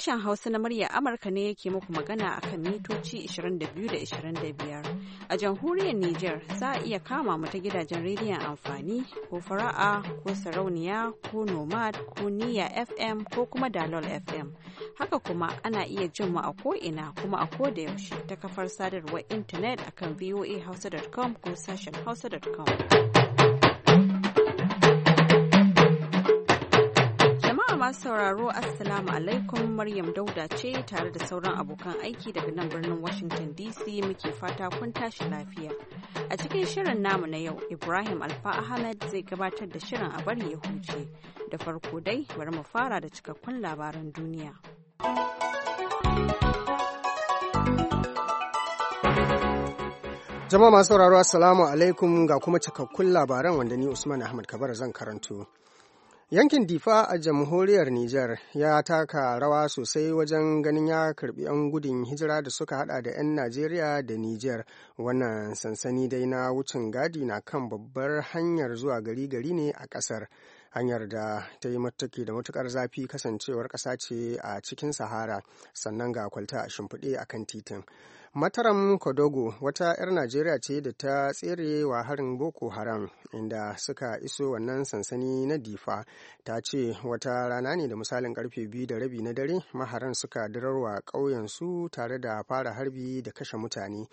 Sashen Hausa na murya Amurka ne yake muku magana a kan mitoci 22 da 25. A jamhuriyar niger za a iya kama mu ta gidajen rediyon amfani ko fara'a ko sarauniya ko nomad ko niya FM ko kuma dalol FM. Haka kuma ana iya jin mu a ko'ina kuma a ko da yaushe ta kafar sadarwar intanet akan voa hausa.com ko sashen hausa.com. masu sauraro Assalamu alaikum Maryam Dauda ce tare da sauran abokan aiki daga nan birnin Washington DC muke fata kun tashi lafiya. A cikin shirin namu na yau, Ibrahim Alfa Ahmed zai gabatar da shirin a bari ya huce. Da farko dai, bari mu fara da cikakkun labaran duniya. Jama'a masu sauraro Assalamu alaikum ga kuma cikakkun labaran wanda ni Usman Ahmad Kabar zan karanto. Yankin Difa a jamhuriyar Nijar ya taka rawa sosai wajen ganin ya karbi 'yan gudun hijira da suka hada da 'yan Najeriya da Nijar. Wannan sansani dai na wucin gadi na kan babbar hanyar zuwa gari-gari ne a ƙasar. hanyar da ta yi mataki da matukar zafi kasancewar ƙasa ce a cikin sahara sannan ga kwalta a shimfiɗe a kan titin Mataram Kodogo wata 'yar Najeriya ce da ta tsere wa harin Boko Haram inda suka iso wannan sansani na Difa ta ce wata rana ne da misalin karfe biyu da rabi na dare maharan suka dirarwa ƙauyensu tare da fara harbi da kashe mutane.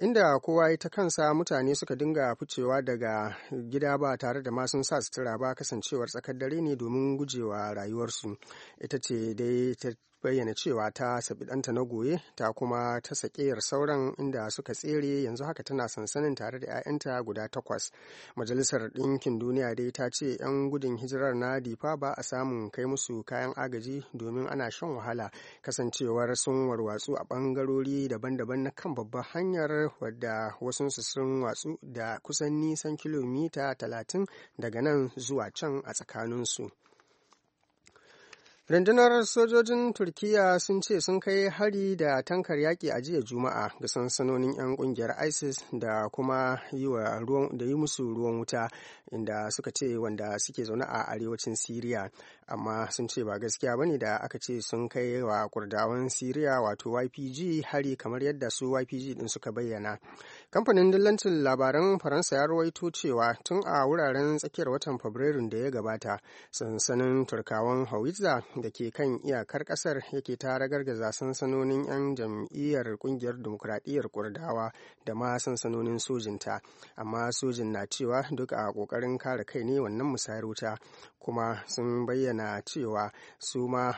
inda kowa ya ta kansa mutane suka dinga ficewa daga gida ba tare da masun sa sutura ba kasancewar tsakar dare ne domin gujewa rayuwarsu ita ce dai bayyana cewa ta sabi ɗanta na goye ta kuma ta sakeyar sauran inda suka tsere yanzu haka tana sansanin tare da 'ya'yanta guda takwas majalisar ɗinkin duniya dai ta ce 'yan gudun hijirar na difa ba a samun kai musu kayan agaji domin ana shan wahala kasancewar sun warwatsu a ɓangarori daban-daban na kan babbar hanyar wadda wasu sun watsu da kusan nisan kilomita talatin daga nan zuwa can a tsakaninsu. Rundunar sojojin Turkiyya sun ce sun kai hari da tankar yaƙi a jiya Juma'a ga sansanonin 'yan ƙungiyar ISIS da kuma da yi musu ruwan wuta inda suka ce wanda suke zaune a arewacin Siriya. amma sun ce ba gaskiya bane da aka ce sun kai wa kurdawan siriya wato ypg hari kamar yadda su ypg din suka bayyana kamfanin dillancin labaran faransa ya ruwaito cewa tun a wuraren tsakiyar watan fabrairun da ya gabata sansanin turkawan hawitza da ke kan iyakar kasar yake ta ragargaza sansanonin 'yan jam'iyyar kungiyar dimokuraɗiyyar kurdawa da ma sansanonin sojinta amma sojin na cewa duk a ƙoƙarin kare kai ne wannan musayar wuta kuma sun bayyana na cewa su ma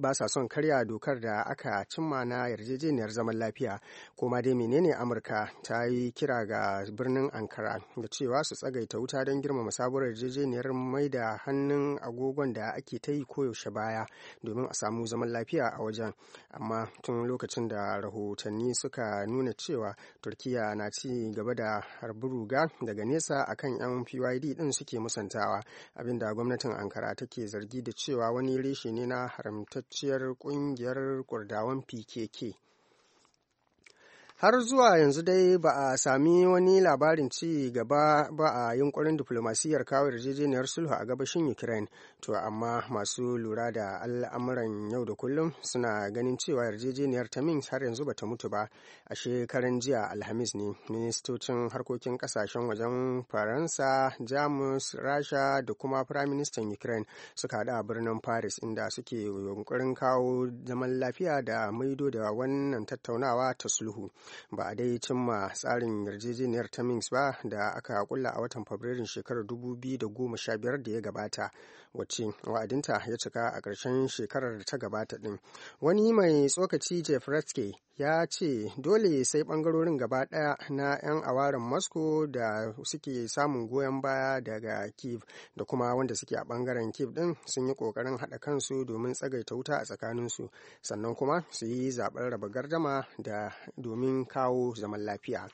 ba sa son karya dokar da aka cimma na yarjejeniyar zaman lafiya kuma dai menene amurka ta yi kira ga birnin ankara da cewa su tsagaita wuta don girmama sabuwar yarjejeniyar mai da hannun agogon da ake ta yi koyaushe baya domin a samu zaman lafiya a wajen amma tun lokacin da rahotanni suka nuna cewa turkiya na ci gaba da harbi daga nesa akan yan pyd din suke musantawa abinda gwamnatin ankara take zargi da cewa wani reshe ne na haramtacciyar kungiyar kurdawan pkk har zuwa yanzu dai ba a sami wani labarin ci gaba ba a yunkurin diflomasiyyar kawo yarjejeniyar sulhu a gabashin ukraine to amma masu lura da al'amuran yau da kullum suna ganin cewa yarjejeniyar ta min har yanzu bata mutu ba a shekaran jiya alhamis ne ministocin harkokin kasashen wajen faransa jamus rasha da kuma firaministan ukraine suka haɗu a birnin paris inda suke yunkurin kawo zaman lafiya da maido da wannan tattaunawa ta sulhu ba a dai cimma tsarin yarjejeniyar ta mins ba da aka kulla a watan fabrairun shekarar 2015 da ya gabata wacce wa'adinta ya cika a ƙarshen shekarar da ta gabata din wani mai tsokaci jeff ratske ya ce dole sai bangarorin gaba ɗaya na 'yan awarin moscow da suke samun goyon baya daga kiev da kuma wanda suke a ɓangaren kiev din sun yi ƙoƙarin haɗa kansu domin tsagaita wuta a tsakaninsu sannan kuma su yi zaɓen raba gardama da domin domin kawo zaman lafiya.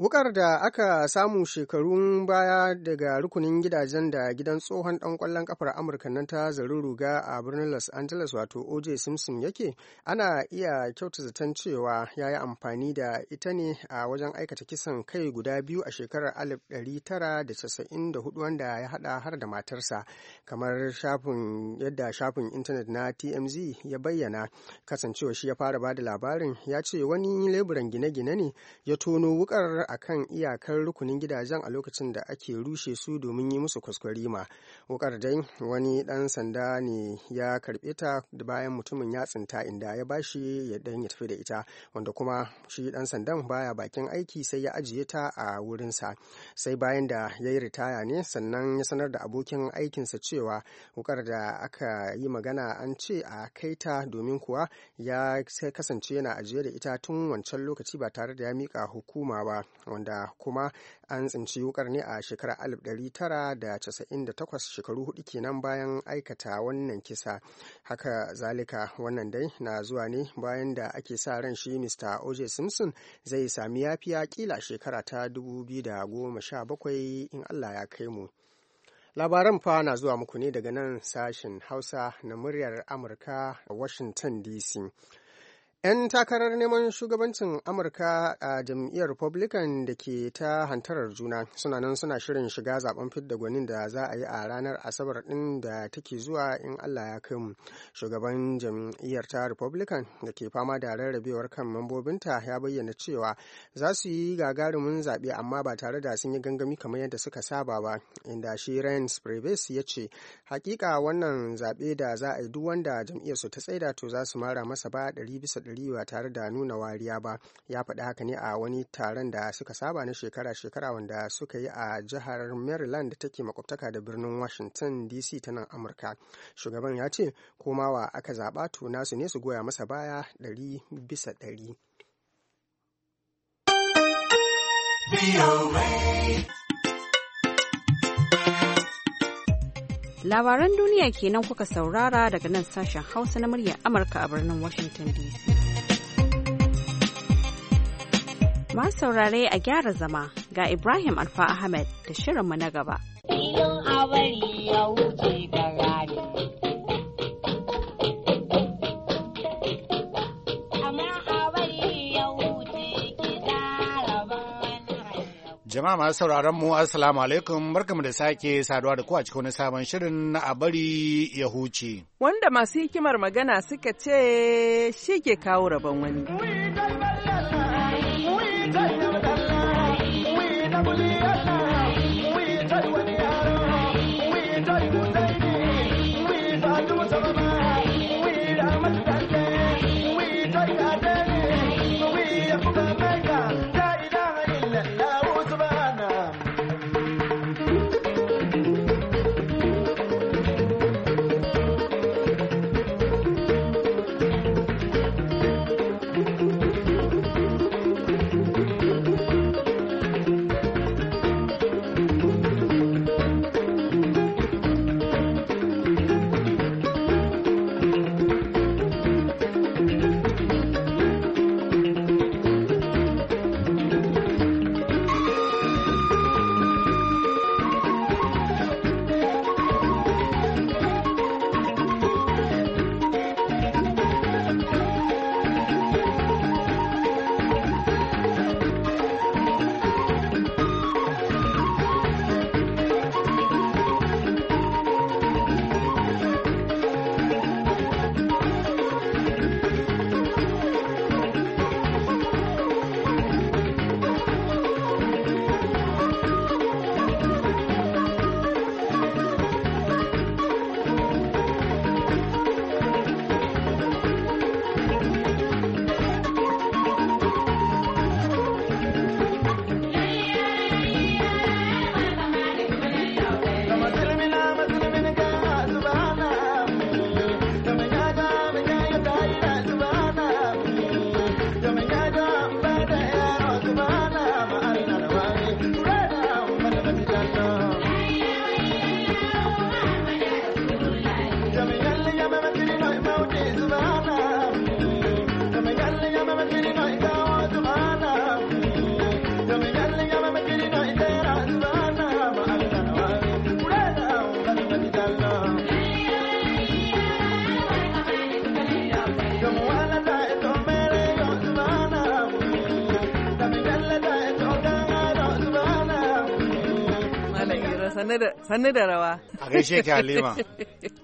Wukar da aka samu shekarun baya daga rukunin gidajen da gidan tsohon ɗan ƙwallon ƙafar Amurka nan ta zarin ruga a birnin Los Angeles wato OJ Simpson yake, ana iya kyauta zaton cewa ya yi amfani da ita ne a wajen aikata kisan kai guda biyu a shekarar 1994 wanda ya haɗa har da matarsa, kamar shafin yadda shafin intanet na TMZ ya bayyana, kasancewa shi ya fara ba da labarin ya ce wani leburan gine-gine ne ya tono wukar a kan iyakar rukunin gidajen a lokacin da ake rushe su domin yi musu kwaskwarima wukar dai wani dan sanda ne ya karbe ta bayan mutumin ya tsinta inda ya bashi ya dan ya tafi da ita wanda kuma shi dan sandan baya bakin aiki sai ya ajiye ta a wurinsa sai bayan da ya yi ritaya ne sannan ya sanar da abokin aikinsa cewa wukar da aka yi magana an ce a kai ta domin kuwa ya kasance yana ajiye da ita tun wancan lokaci ba tare da ya mika hukuma ba wanda kuma an tsinci wukar ne a shekarar 1998 shekaru hudu kenan bayan aikata wannan kisa haka zalika wannan dai na zuwa ne bayan da ake sa ran shi mr oj simpson zai sami yafiya kila shekara ta 2017 in allah ya kai mu labaran fa na zuwa muku ne daga nan sashen hausa na muryar amurka a washington dc 'Yan takarar neman shugabancin Amurka a jam'iyyar Republican da ke ta hantarar juna suna nan suna shirin shiga zaben fidda gwanin da za a yi a ranar Asabar ɗin da take zuwa in Allah ya kai mu. Shugaban jam'iyyar ta Republican da ke fama da rarrabewar kan mambobinta ya bayyana cewa za su yi gagarumin zaɓe amma ba tare da sun yi gangami kamar yadda suka saba ba, inda shi Ryan Priebus ya ce, hakika wannan zaɓe da za a yi duk wanda su ta tsaida to za su mara masa ba ɗari bisa gari ba tare da nuna wariya ba ya faɗi haka ne a wani taron da suka saba na shekara-shekara wanda suka yi a jihar maryland da take makwabtaka da birnin washington dc ta nan amurka shugaban ya ce komawa aka zaɓa to nasu ne su goya masa baya ɗari bisa ɗari. Labaran duniya kenan kuka saurara daga nan sashen Hausa na muryar Amurka a birnin Washington DC. Ma saurare a gyara zama ga Ibrahim Alfa Ahmed da shirinmu na gaba. ya Jama'a masu sauraron mu assalamu alaikum barkamu da sake saduwa da ku a cikin wani sabon shirin na a bari ya huce. Wanda masu hikimar magana suka ce shi ke kawo rabon wani. hannu da rawa. A gaishe ki Halima.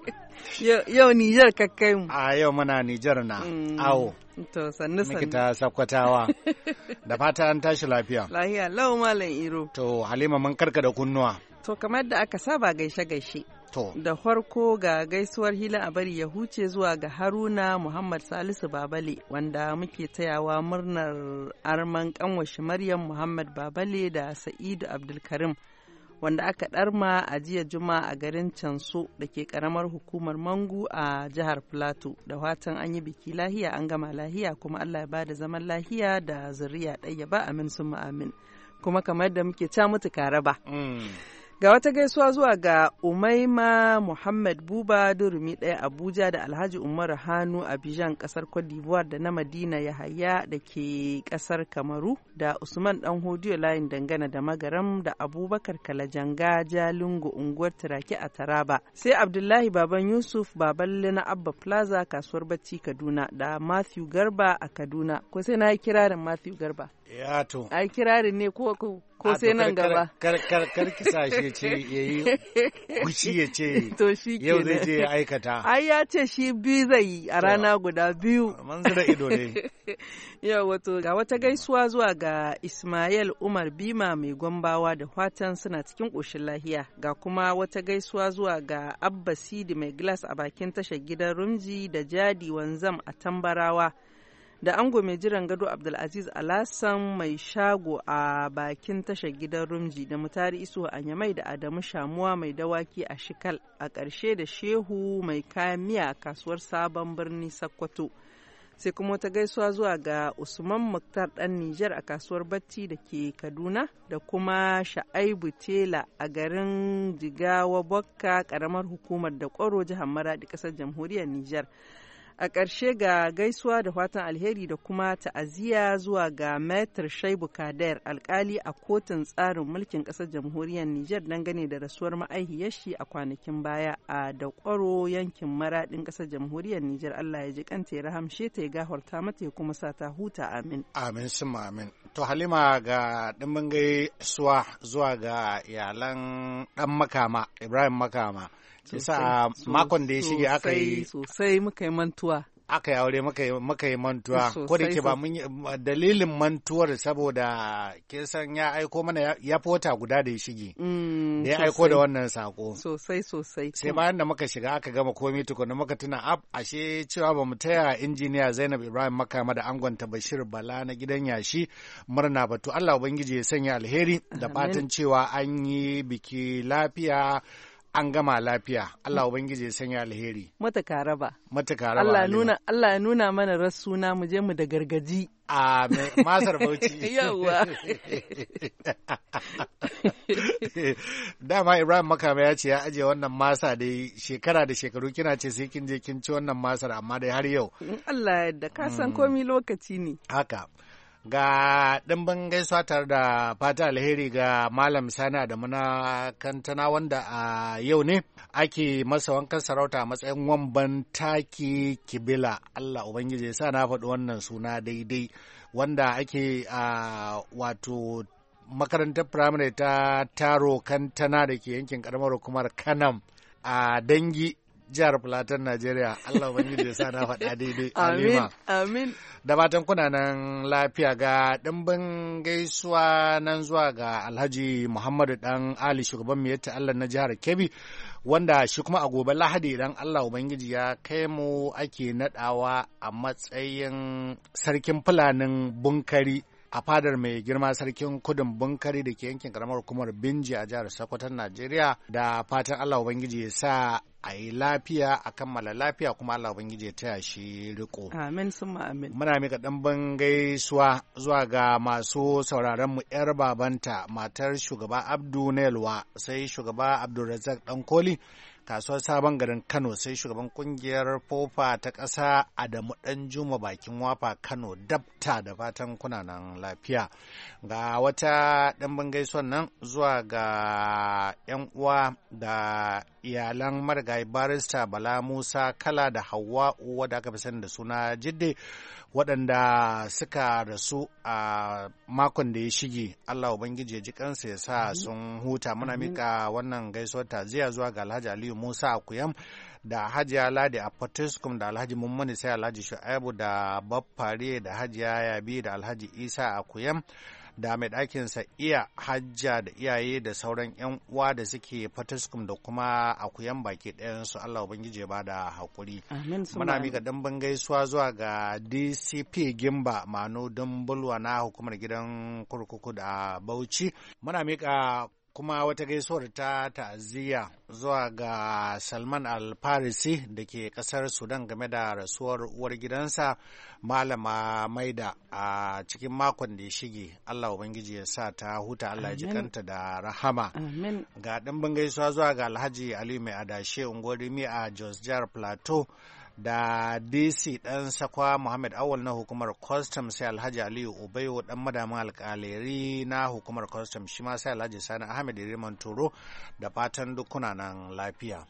Yau Nijar ka kai mu. A yau muna Nijar na. Mm. Awo. To sannu sannu. Mikita ta sakwatawa. Da fata an tashi lafiya. Lafiya lau malam Iro. To Halima mun karka da kunnuwa. To kamar da aka saba gaishe gaishe. To. Da farko ga gaisuwar hila a bari ya huce zuwa ga Haruna Muhammad Salisu Babale wanda muke tayawa murnar arman kanwashi Maryam Muhammad Babale da Sa'idu Abdulkarim. wanda aka ɗarma a jiya juma a garin canso da ke karamar hukumar mangu a jihar plateau da watan an yi biki lahiya an gama lahiya kuma allah ya bada zaman lahiya da zuriya ɗaya ba amin sun amin kuma kamar da muke ca mutu kare ba. Mm. Ga wata gaisuwa zuwa ga Umaima Muhammad Buba Durumi ɗaya Abuja da Alhaji Umar hannu Abijan ƙasar Cote d'Ivoire da na Madina Yahaya da ke kasar Kamaru da Usman Dan Hodiyo layin dangana da Magaram da Abubakar Kalajanga Jalingo unguwar tiraki a Taraba. Sai Abdullahi Baban Yusuf Baballe na Abba Plaza kasuwar Bacci Kaduna da Matthew Garba a Kaduna. Ko sai na kira da Matthew Garba. ya to ai kirarin ne ko ko ah, sai nan gaba kar kar kar kisa shi ce yayi kushi ya ce to shi yau zai je ya aikata ai ya ce shi bi zai a rana guda biyu manzura ido ne yau wato ga wata gaisuwa zuwa ga Ismail Umar Bima mai gombawa da fatan suna cikin koshin lahiya ga kuma wata gaisuwa zuwa ga Abba Sidi mai glass a bakin tashar gidan Rumji da Jadi Wanzam a Tambarawa da ango mai jiran gado abdulaziz alasan mai shago a bakin tashar gidan rumji da mutari iso a nyamai da adamu shamuwa mai dawaki a shikal a ƙarshe da shehu mai kayan miya a kasuwar sabon birni sakkwato sai kuma ta gaisuwa zuwa ga usman muktar dan nijar a kasuwar batti da ke kaduna da kuma sha'aibu tela a garin jigawa bokka karamar hukumar da kwaro jihar maradi kasar jamhuriyar nijar a ƙarshe ga gaisuwa da fatan alheri da kuma ta'aziyya zuwa ga Maitre Shaibu Kader alkali a kotun tsarin mulkin ƙasar jamhuriyar Nijar dangane da rasuwar ma'aihiyar shi a kwanakin baya a ƙwaro yankin Maraɗin ƙasar jamhuriyar Nijar Allah ya ji kanta ya rahamshe ta ya gafarta mata ya kuma sa ta huta amin. Amin amin. To Halima ga ɗimbin gaisuwa zuwa ga iyalan ɗan makama Ibrahim makama. a makon da ya shige aka yi. Sosai muka yi mantuwa. aka yi aure muka yi mantuwa ko da ke ba mun dalilin mantuwar saboda kin san ya aiko mana ya fota guda da ya shige mm, da ya aiko da wannan sako sosai sosai sai bayan da muka shiga aka gama komai tukuna muka tuna ab ashe cewa ba mu taya injiniya Zainab Ibrahim makama da angon ta Bashir Bala na gidan yashi murna batu Allah ubangiji ya sanya alheri da fatan cewa an yi biki lafiya an gama lafiya Allah ubangiji ya sanya alheri mataka raba mataka raba Allah Allah ya nuna mana rassuna mu je mu da gargaji a masar bauchi yawa dama Ibrahim makama ya ce ya aje wannan masa dai shekara da shekaru kina ce sai kin je kin ci wannan masar amma dai har yau Allah ya da ka san mm. komi lokaci ne haka ga ɗimbin gaisuwa tare da fata alheri ga malam Sani da muna kantana wanda a yau ne ake masa wankan sarauta a matsayin wamban taki kibila allah ubangiji sa na faɗi wannan suna daidai wanda ake a wato makarantar firamare ta taro kantana da ke yankin ƙaramar hukumar kanam a dangi jihar Fulatan Najeriya Allah ubangiji ya sa na faɗa daidai Amin amin da fatan kuna nan lafiya ga ɗimbin gaisuwa nan zuwa ga Alhaji Muhammadu dan Ali shugaban mu yatta Allah na jihar Kebbi wanda shi kuma a gobe Lahadi idan Allah ubangiji ya kai mu ake naɗawa a matsayin sarkin fulanin bunkari a fadar mai girma sarkin kudin bunkari da ke yankin karamar hukumar binji a jihar sokoton najeriya da fatan allah ubangiji ya sa a yi lafiya a kammala lafiya kuma allah ubangiji ya taya shi riko amin summa amin muna mika ɗan gaisuwa zuwa ga masu sauraron mu yar babanta matar shugaba abdu nelwa sai shugaba ɗan koli. kasuwar sabon garin Kano sai shugaban kungiyar fofa ta ƙasa Adamu Juma bakin wafa Kano dabta da fatan kuna nan lafiya. Ga wata ɗan bangai nan zuwa ga 'yan uwa da iyalan marigayi barista Bala Musa Kala da Hauwa da aka fi sani da suna Jidde waɗanda suka rasu a makon da ya shige Allah Ubangiji ya ji kansa ya sa sun huta muna mika wannan gaisuwar taziya zuwa ga Alhaji Aliyu Musa Akuyam da Hajiya Ladi a Potiskum da Alhaji Mummuni sai Alhaji Shu'aibu da Baffare da Hajiya Yabi da Alhaji Isa Akuyam. da mai ɗakinsa iya hajja da iyaye da sauran 'yan uwa da suke fataskum da kuma akuyan baki ɗayansu Allah Ubangiji ba da haƙuri. Muna mika dambin gaisuwa zuwa ga DCP Gimba Mano Dumbulwa na hukumar gidan kurkuku da Bauchi. Muna mika kuma wata gaisuwar ta ta'aziyya zuwa ga Salman Al-Farisi da ke kasar Sudan game da rasuwar uwar gidansa Malama Maida a cikin makon da ya shige. Allah Ubangiji ya sa ta huta Allah ji kanta da rahama. Ga ɗimbin gaisuwa zuwa ga Alhaji Ali Mai Adashe Ungorimi a Jos Jihar Plateau da dc dan sakwa muhammad awal na hukumar kwastam sai alhaji aliyu ubayo dan madamin alkaleri na hukumar kwastam shi ma sai alhaji sani ahmed riman toro da fatan dukuna nan lafiya.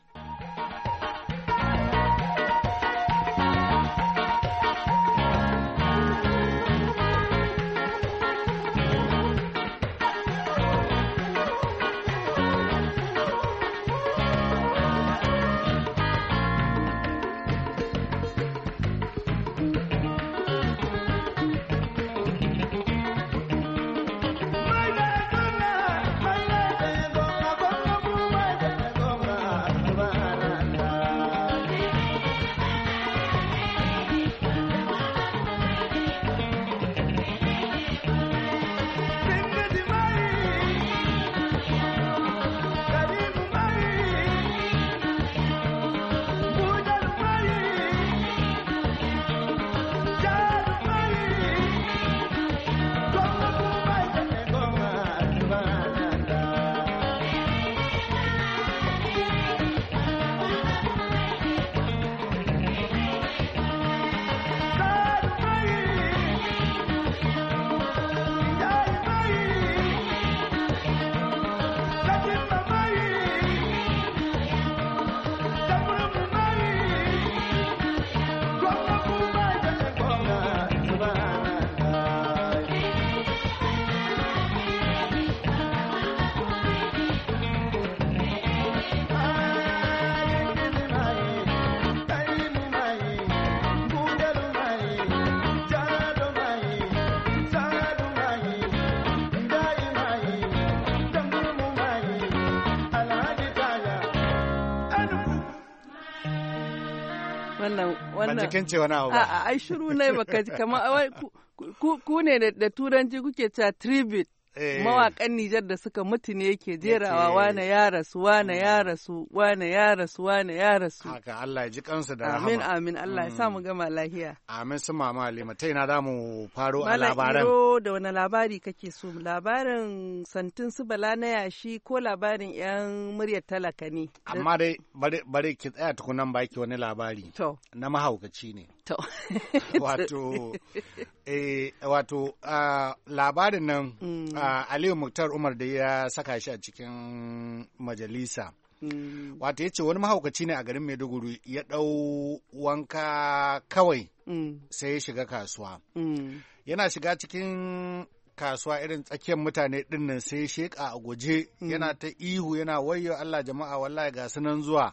wannan wannan ban ce wani abu ba a'a ai shiru ne baka kamar ku ne da turanci kuke cewa tribute Eh. mawakan Nijar da suka mutu ne yake jerawa wane ya rasu wane ya mm. rasu wane ya rasu wane ya rasu haka Allah ya ji kansu da rahama amin amin Allah ya sa mu mm. gama lahiya amin sun mama Halima ta ina zamu faro a labaran Malakiro da wani labari kake so labarin santin su bala na yashi ko labarin yan muryar talaka ne amma dai bari ki tsaya tukunan baki wani labari to na mahaukaci ne wato eh, wato uh, labarin nan mm. uh, aliyu muktar umar da ya saka shi a cikin majalisa mm. wato ya ce wani mahaukaci ne a garin maiduguri ya ɗau wanka kawai mm. sai ya shiga kasuwa mm. yana shiga cikin kasuwa irin tsakiyar mutane dinnan sai sheka a guje mm. yana ta ihu yana wayo allah jama'a wallahi ga nan zuwa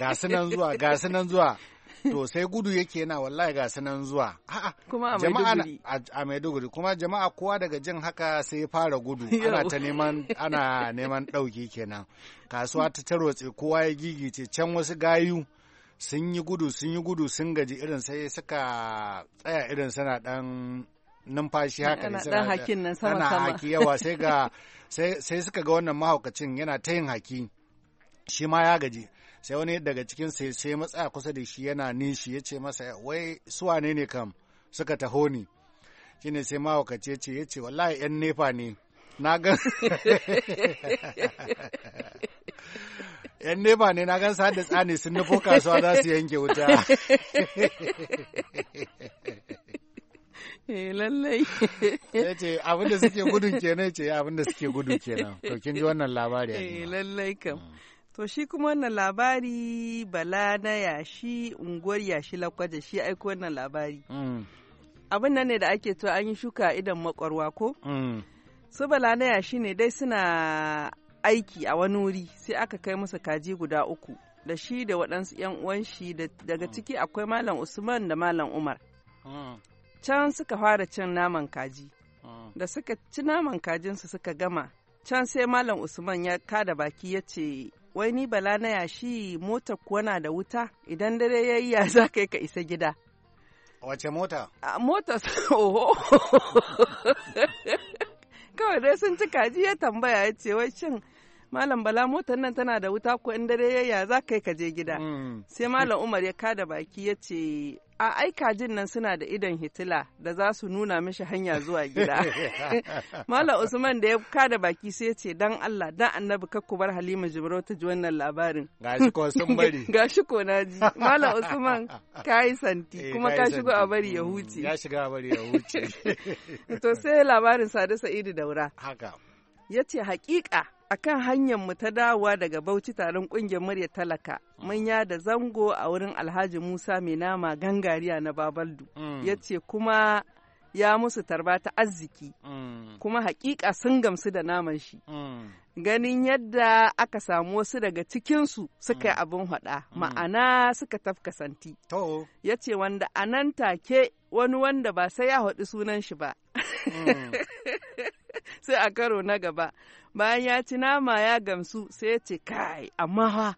ga nan zuwa ga nan zuwa to sai gudu yake yana wallahi ga sanan zuwa kuma a maiduguri a kuma jama'a kowa daga jin haka sai fara gudu ana ta neman ana neman dauki kenan kasuwa ta tarotse kowa ya gigice can wasu gayu sun yi gudu sun yi gudu sun gaji irin sai suka tsaya irin sana dan numfashi haka ne suna hakin nan sama sama haki yawa sai ga sai suka ga wannan mahaukacin yana ta yin haki shi ma ya gaji sai wani daga cikin sai sai matsaya kusa da shi yana nishi ya ce masa wai suwa ne ne kam suka taho ni ne sai mawakace ce ya ce wallahi yan nefa ne na gan yan nefa ne na gan sa da tsani sun nufo kasuwa za su yanke wuta eh, lallai ya ce abinda suke gudun kenan ce abinda suke gudun kenan to kin ji wannan labari eh, lallai kam mm. To shi kuma wannan labari bala na yashi unguwar yashi lakwaje shi aiko wannan labari. Mm. Abin nan ne da ake to an yi shuka idan makwarwa ko? Mm. Su bala na yashi ne dai suna aiki a wani wuri sai aka kai masa kaji guda uku da shi da waɗansu 'yan uwan shi daga mm. ciki akwai malam Usman da malam Umar. Can suka fara cin naman kaji. Da suka ci naman kajinsu suka gama. Can sai malam Usman ya kada baki ya ce wai ni bala na yashi mota kuwa na da wuta idan dare ya yi ya za ka ka isa gida wace mota a oho kawai dai sun ci kaji ya tambaya ya ce wai shin malam bala motar nan tana da wuta ko in dare ya ya za ka ka je gida hmm. sai malam umar ya kada baki ya ce a aika jin nan suna da idon hitila da za su nuna mishi hanya zuwa gida mala usman da ya kada baki sai ce dan allah dan annabi kakku bar halima jibril ta ji wannan labarin gashi ko sun bari gashi ko ji mala usman ka yi santi eh, kuma ka shigo a bari ya huce mm, ya shiga a bari ya huce to sai labarin sadu sa'idu daura haka ya ce haƙiƙa a kan hanyar mu ta dawowa daga Bauchi taron kungiyar murya talaka mun ya da zango a wurin Alhaji Musa mai nama gangariya na Babaldu mm. ya ce kuma ya musu tarba ta arziki mm. kuma hakika sun gamsu da naman shi mm. ganin yadda aka samu wasu daga cikinsu suka yi abin hada ma'ana suka tafka santi ya ce wanda anan take wani wanda ba sai ya haɗu sunan shi ba sai a karo na gaba bayan ya ci nama ya gamsu sai ya ce kai amma fa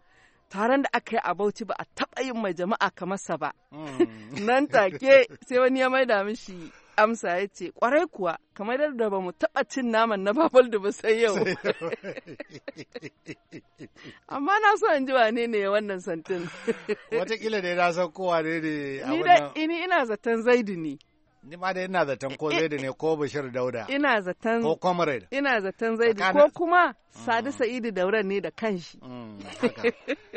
taron da aka yi a bauchi ba a taɓa yin mai jama'a kamar sa ba mm. nan take sai wani ya maida mishi amsa ya ce kwarai kuwa kamar yadda ba mu taɓa cin naman na babal da ba sai yau amma na so in ji wane ne wannan santin watakila da na san kowa ne ne ni ina zaton zaidi ne Ni ma da ina zaton ko eh, eh, da ne ko Bashir Dauda. Ina zaton. Ko Comrade. Ina zaton da ko kuma mm. Sadi Sa'idu Dauran ne da kanshi. Mm,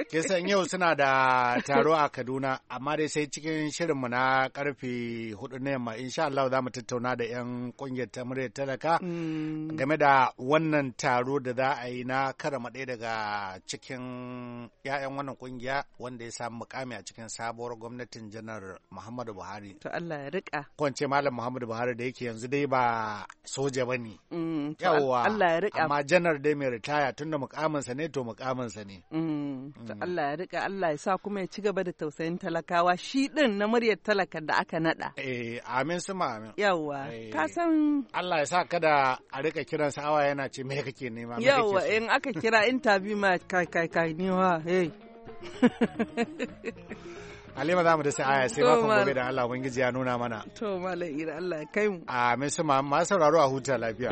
Ke san yau suna da taro a Kaduna amma dai sai cikin shirinmu na karfe hudu ne yamma insha Allah za mu tattauna da 'yan kungiyar ta murya talaka mm. game da wannan taro da za a yi na karama ɗaya daga cikin 'ya'yan wannan kungiya wanda ya samu mukami a cikin sabuwar gwamnatin janar Muhammadu Buhari. To Allah ya rika. zan ce malam muhammadu buhari da yake yanzu dai ba soja ba ne mm, yawwa amma janar dai mai ritaya tun da mukaminsa ne to mukaminsa ne mm, mm. allah ya rika allah ya sa kuma ya ci gaba da tausayin talakawa shi din na muryar talaka da aka nada eh amin suma amin yawwa eh, ka san allah ya sa kada a rika kiran sa'awa yana ce me kake nema yawwa in aka kira interview ma kai kai kai ni wa hey Halima za mu da sai aya sai makon gobe da Allah Ubangiji ya nuna mana. To Malam Ira Allah ya kai mu. Amin su ma sauraro a huta lafiya.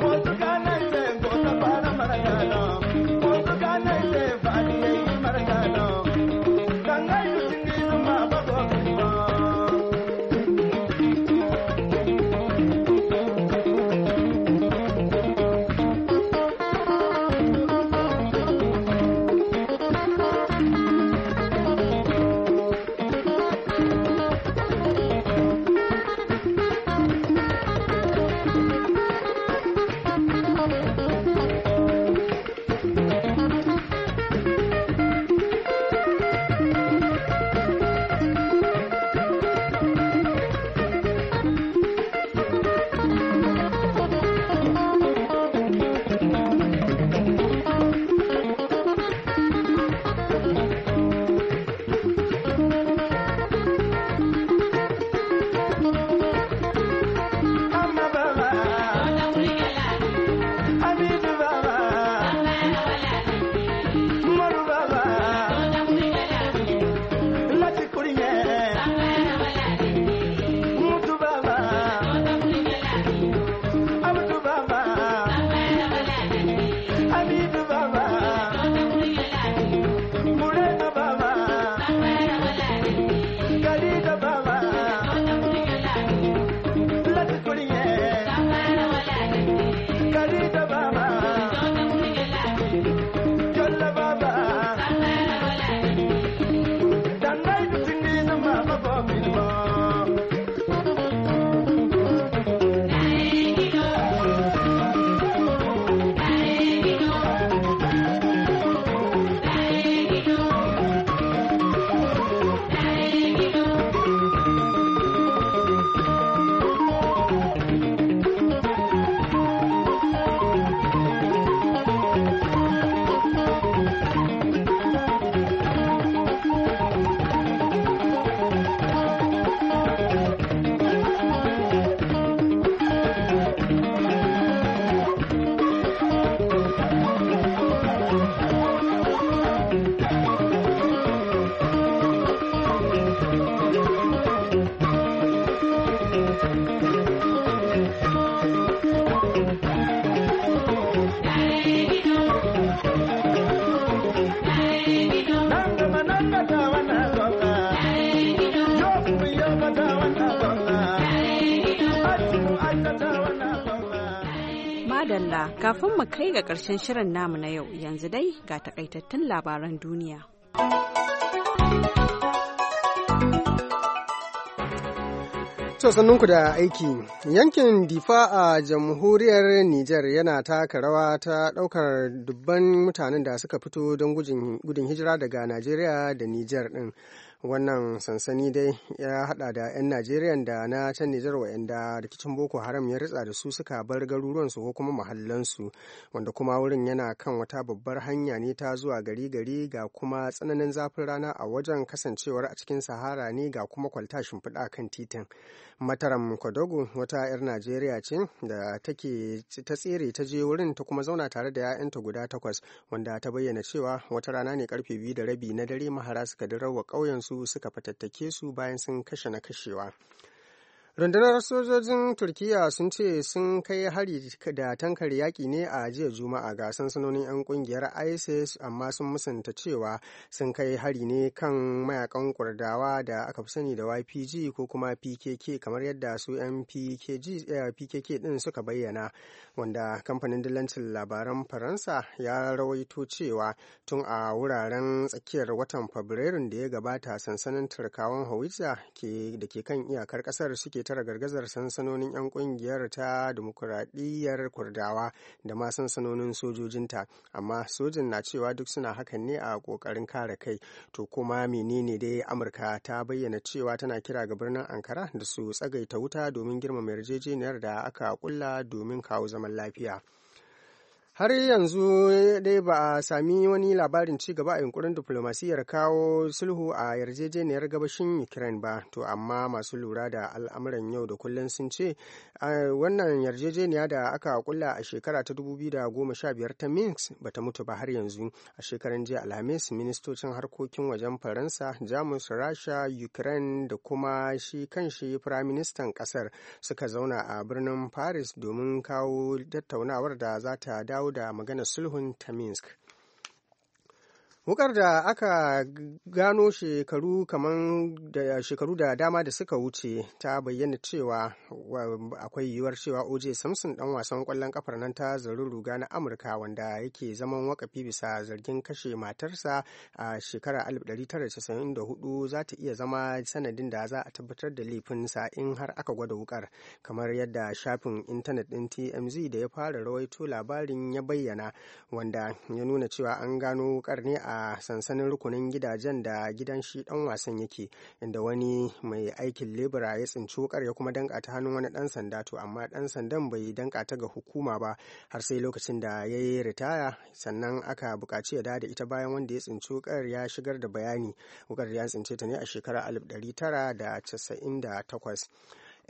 Kafin mu kai ga ƙarshen shirin namu na yau yanzu dai ga takaitattun labaran duniya. sannunku da aiki yankin difa a jamhuriyar nijar yana taka rawa ta daukar dubban mutanen da suka fito don gudun hijira daga najeriya da nijar din wannan sansani dai ya hada da 'yan najeriya da na can nijar wa'anda rikicin boko haram ya ritsa da su suka bar garuruwansu ko kuma mahallansu wanda kuma wurin yana kan wata babbar hanya ne ta zuwa gari gari ga kuma tsananin zafin rana a wajen kasancewar a cikin sahara ne ga kuma kwalta shimfiɗa kan titin mataram kwadago wata 'yar najeriya ce da take ta tsere ta je wurin ta kuma zauna tare da 'ya'yanta guda takwas wanda ta bayyana cewa wata rana ne karfe biyu da rabi na dare mahara suka wa ƙauyensu su suka fatattake su bayan sun kashe na kashewa rundunar sojojin turkiyya sun ce sun kai hari da tankar yaƙi ne a jiya juma'a ga sansanonin 'yan ƙungiyar isis amma sun musanta cewa sun kai hari ne kan mayakan kurdawa da aka fi sani da ypg ko kuma pkk kamar yadda su 'yan pkk eh, ɗin suka bayyana wanda kamfanin dillancin labaran faransa ya rawaito cewa tun a wuraren tsakiyar watan fabrairun da ya gabata sansanin turkawan hawija da ke kan iyakar ƙasar suke tara gargazar sansanonin 'yan kungiyar ta demokuraɗiyyar kurdawa da ma sansanonin sojojinta amma sojin na cewa duk suna hakan ne a ƙoƙarin kare kai to kuma menene dai amurka ta bayyana cewa tana kira ga birnin ankara da su tsagaita wuta domin girmama yarjejeniyar da aka kulla domin kawo zaman lafiya. har yanzu dai ba a sami wani labarin ci gaba a yunkurin diflomasiyyar kawo sulhu a yarjejeniyar gabashin ukraine ba to amma masu lura da al'amuran yau da kullum sun ce wannan yarjejeniya da aka kulla a shekara ta 2015 ta minsk ba ta mutu ba har yanzu a shekaran jiya alhamis ministocin harkokin wajen faransa jamus rasha ukraine da kuma shi kanshi firaministan kasar suka zauna a birnin paris domin kawo tattaunawar da za ta dawo da maganar sulhun ta Minsk. wukar da aka gano shekaru kaman da shekaru da dama da suka wuce ta bayyana cewa akwai yiwuwar cewa oj samson dan wasan kwallon kafar nan ta zarin ruga na amurka wanda yake zaman wakafi bisa zargin kashe matarsa a shekara 1994 za ta iya zama sanadin da za a tabbatar da laifinsa in har aka gwada wukar kamar yadda shafin intanet din tmz da ya fara rawaito labarin ya bayyana wanda ya nuna cewa an gano wukar ne a a sansanin rukunin gidajen da gidan shi dan wasan yake inda wani mai aikin lebura ya tsinci wukar ya kuma danka ta hannun wani dan sanda to amma dan sandan bai danka ta ga hukuma ba har sai lokacin da ya yi ritaya sannan aka buƙaci ya da ita bayan wanda ya tsinci wukar ya shigar da bayani wukar ya tsince ta ne a shekarar 1998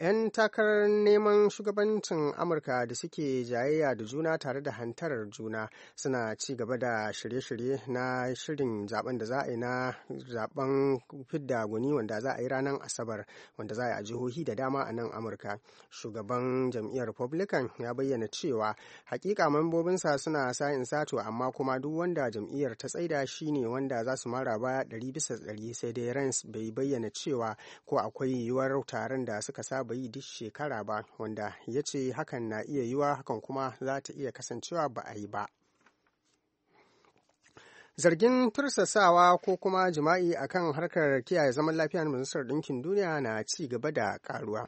'yan takarar neman shugabancin amurka da suke jayayya da juna tare da hantarar juna suna ci gaba da shirye-shirye na shirin zaben da za a yi na zaben fidda guni wanda za a yi ranar asabar wanda za a yi a jihohi da dama a nan amurka shugaban jam'iyyar republican ya bayyana cewa hakika mambobinsa suna sa'in sato amma kuma duk wanda jam'iyyar ta tsaida shine wanda za su mara baya ɗari bisa ɗari sai dai rance bai bayyana cewa ko akwai yiwuwar taron da suka saba bai yi duk shekara ba wanda ya ce hakan na iya yiwa hakan kuma za ta iya kasancewa ba a yi ba zargin tursasawa ko kuma jima'i akan harkar kiyaye zaman lafiya na majalisar ɗinkin duniya na ci gaba da karuwa